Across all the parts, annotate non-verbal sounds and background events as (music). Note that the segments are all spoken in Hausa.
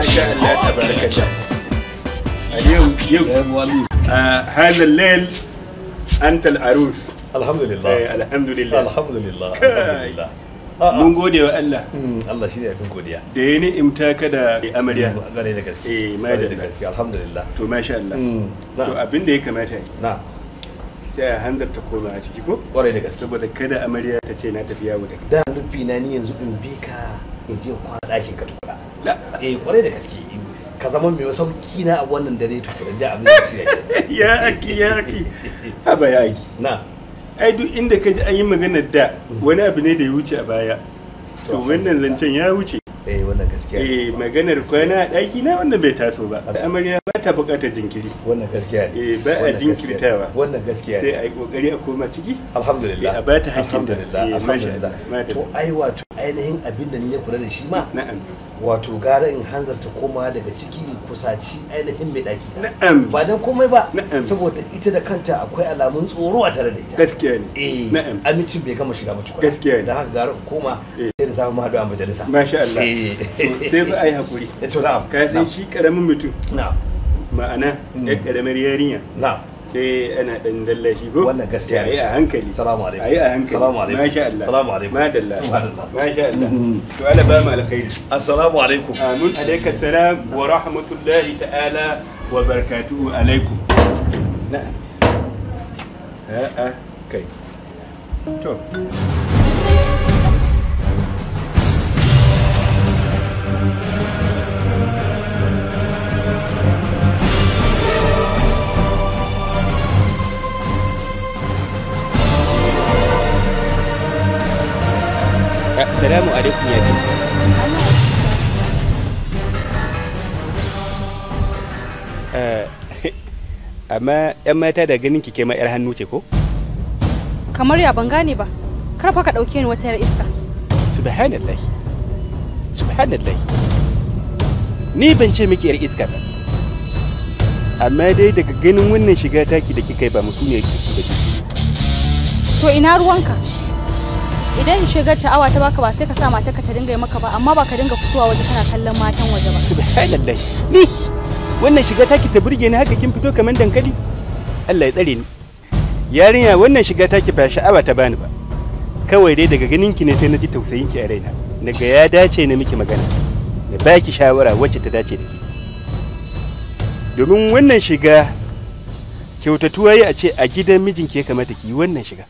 شاء هذا الليل العروس الحمد لله الحمد لله الحمد لله mun gode wa Allah hmm, Allah shi ne godiya da ya ni'imta ka da amarya hmm, gare da gaske eh mai da gaske alhamdulillah to masha Allah hmm, to abin da ya kamata na sai a hanzarta koma a ciki ko kwarai da gaske saboda kada amarya ta ce na tafi yawo da da na ni yanzu in bi ka in je kwana ɗakin ka tukuna eh kwarai da gaske ka zama mai wasan na a wannan dare to kuɗin da abin da (laughs) ya aki ya aki haba ya aki na ai duk inda ka ji an yi magana da mm. wani abu ne da ya wuce a baya to wannan zancen ya wuce eh wannan gaskiya eh maganar kwana daki na wannan bai taso ba amarya ba ta buƙatar jinkiri wannan gaskiya ne eh ba a jinkirtawa wannan gaskiya sai a yi kokari a koma ciki alhamdulillah eh, a ba ta hakkinta da alhamdulillah eh, to ai wato ainihin abin da ni ya kula da shi ma na'am wato gara in ta koma daga ciki kusaci ainihin mai daki na'am ba dan komai ba Na'am. saboda ita da kanta akwai alamun tsoro a tare da ita gaskiya ne eh na'am amincin bai gama shiga ba gaskiya ne dan haka gara in koma eh. da safe mu haɗu a majalisa masha Allah sai fa ai hakuri to na'am ka san shi karamin mutum na'am ma'ana ya karamar yarinya na'am sai ana dan dallashi ko wannan gaskiya ne a hankali salamu alaikum ayi a hankali salamu alaikum masha Allah salamu alaikum madalla masha Allah to ala ba mu alkhairi assalamu alaikum amin alayka salam wa rahmatullahi ta'ala wa barakatuhu alaikum na'am a'a kai to salamu alaikum ya fi eh, (laughs) amma yan mata da ganin kike ma yar hannu ce ko kamar ya ban gane ba kar fa ka ɗauke ni wata yar iska subhanallah subhanallah ni ban ce miki yar iska ba amma dai daga ganin wannan shiga taki da kika yi ba musu ne kike to ina ruwanka idan shiga sha'awa ta baka ba sai ka sa ka ta dinga maka ba amma ba ka dinga fitowa waje kana kallon matan waje ba subhanallah ni wannan shiga taki ta burge ni haka kin fito kamar dankali Allah ya tsare ni yarinya wannan shiga taki ba sha'awa ta bani ba kawai dai daga ganin ki ne sai na ji tausayin ki a raina daga ya dace na miki magana da baki shawara wacce ta dace da ke domin wannan shiga kyautatuwa yi a ce a gidan mijinki ya kamata ki yi wannan shiga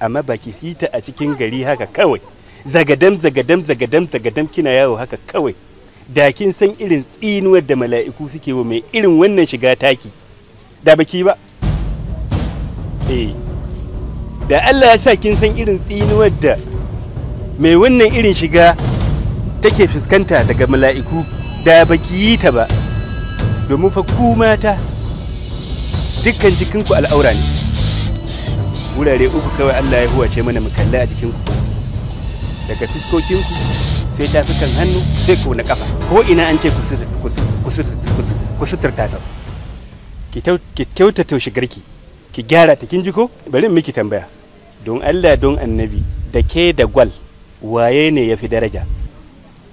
amma ba ki sita a cikin gari haka kawai zagadam zagadam zagadam zagadam kina yawo haka kawai da kin san irin tsinuwar da mala'iku suke wa mai irin wannan shiga taki da baki ba eh da Allah ya sa kin san irin tsinuwar da mai wannan irin shiga take fuskanta daga mala'iku da baki yi ta ba domin fa ku mata dukkan jikinku al'aura ne wurare uku kawai Allah ya huwace mana mu kalli a jikinku daga fiskokinku sai tafukan hannu sai ku na kafa ko ina an ce ku suturta ta ki kyautata shigarki ki gyara ta kin ji ko bari miki tambaya don Allah don annabi da ke da gwal waye ne ya fi daraja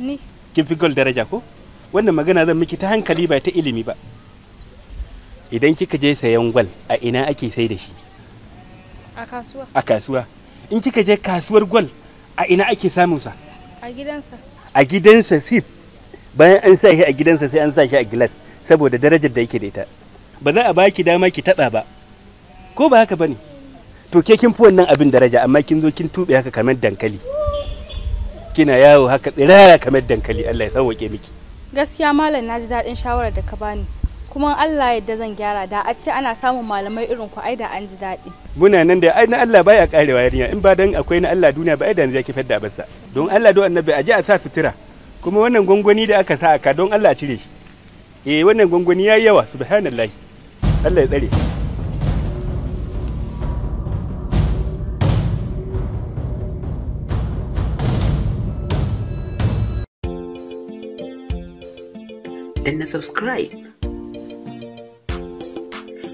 ni kin fi gwal daraja ko wannan magana zan miki ta hankali ba ta ilimi ba idan kika je sayan gwal a ina ake sai da shi a kasuwa in kika je kasuwar gwal a ina ake samun sa a gidansa a gidansa sif bayan an sa shi a gidansa sai an sa shi a gilas saboda darajar da yake da ita ba za a baki dama ki taba ba ko ba haka bane to ke kin fi wannan abin daraja amma kin zo kin tube haka kamar dankali kina yawo haka tsirara kamar dankali Allah ya sauke miki gaskiya malam na ji daɗin shawarar da ka bani kuma Allah yadda zan gyara da a ce ana samun malamai irin ku ai da an ji daɗi. Muna nan da ai na Allah baya karewa yarinya in ba dan akwai na Allah duniya ba ai da zai kifar da abarsa. Don Allah don annabi a ji a sa sutura kuma wannan gwangwani da aka sa aka don Allah cire shi. Eh wannan gwangwani yayi yawa subhanallahi. Allah ya tsare. Then subscribe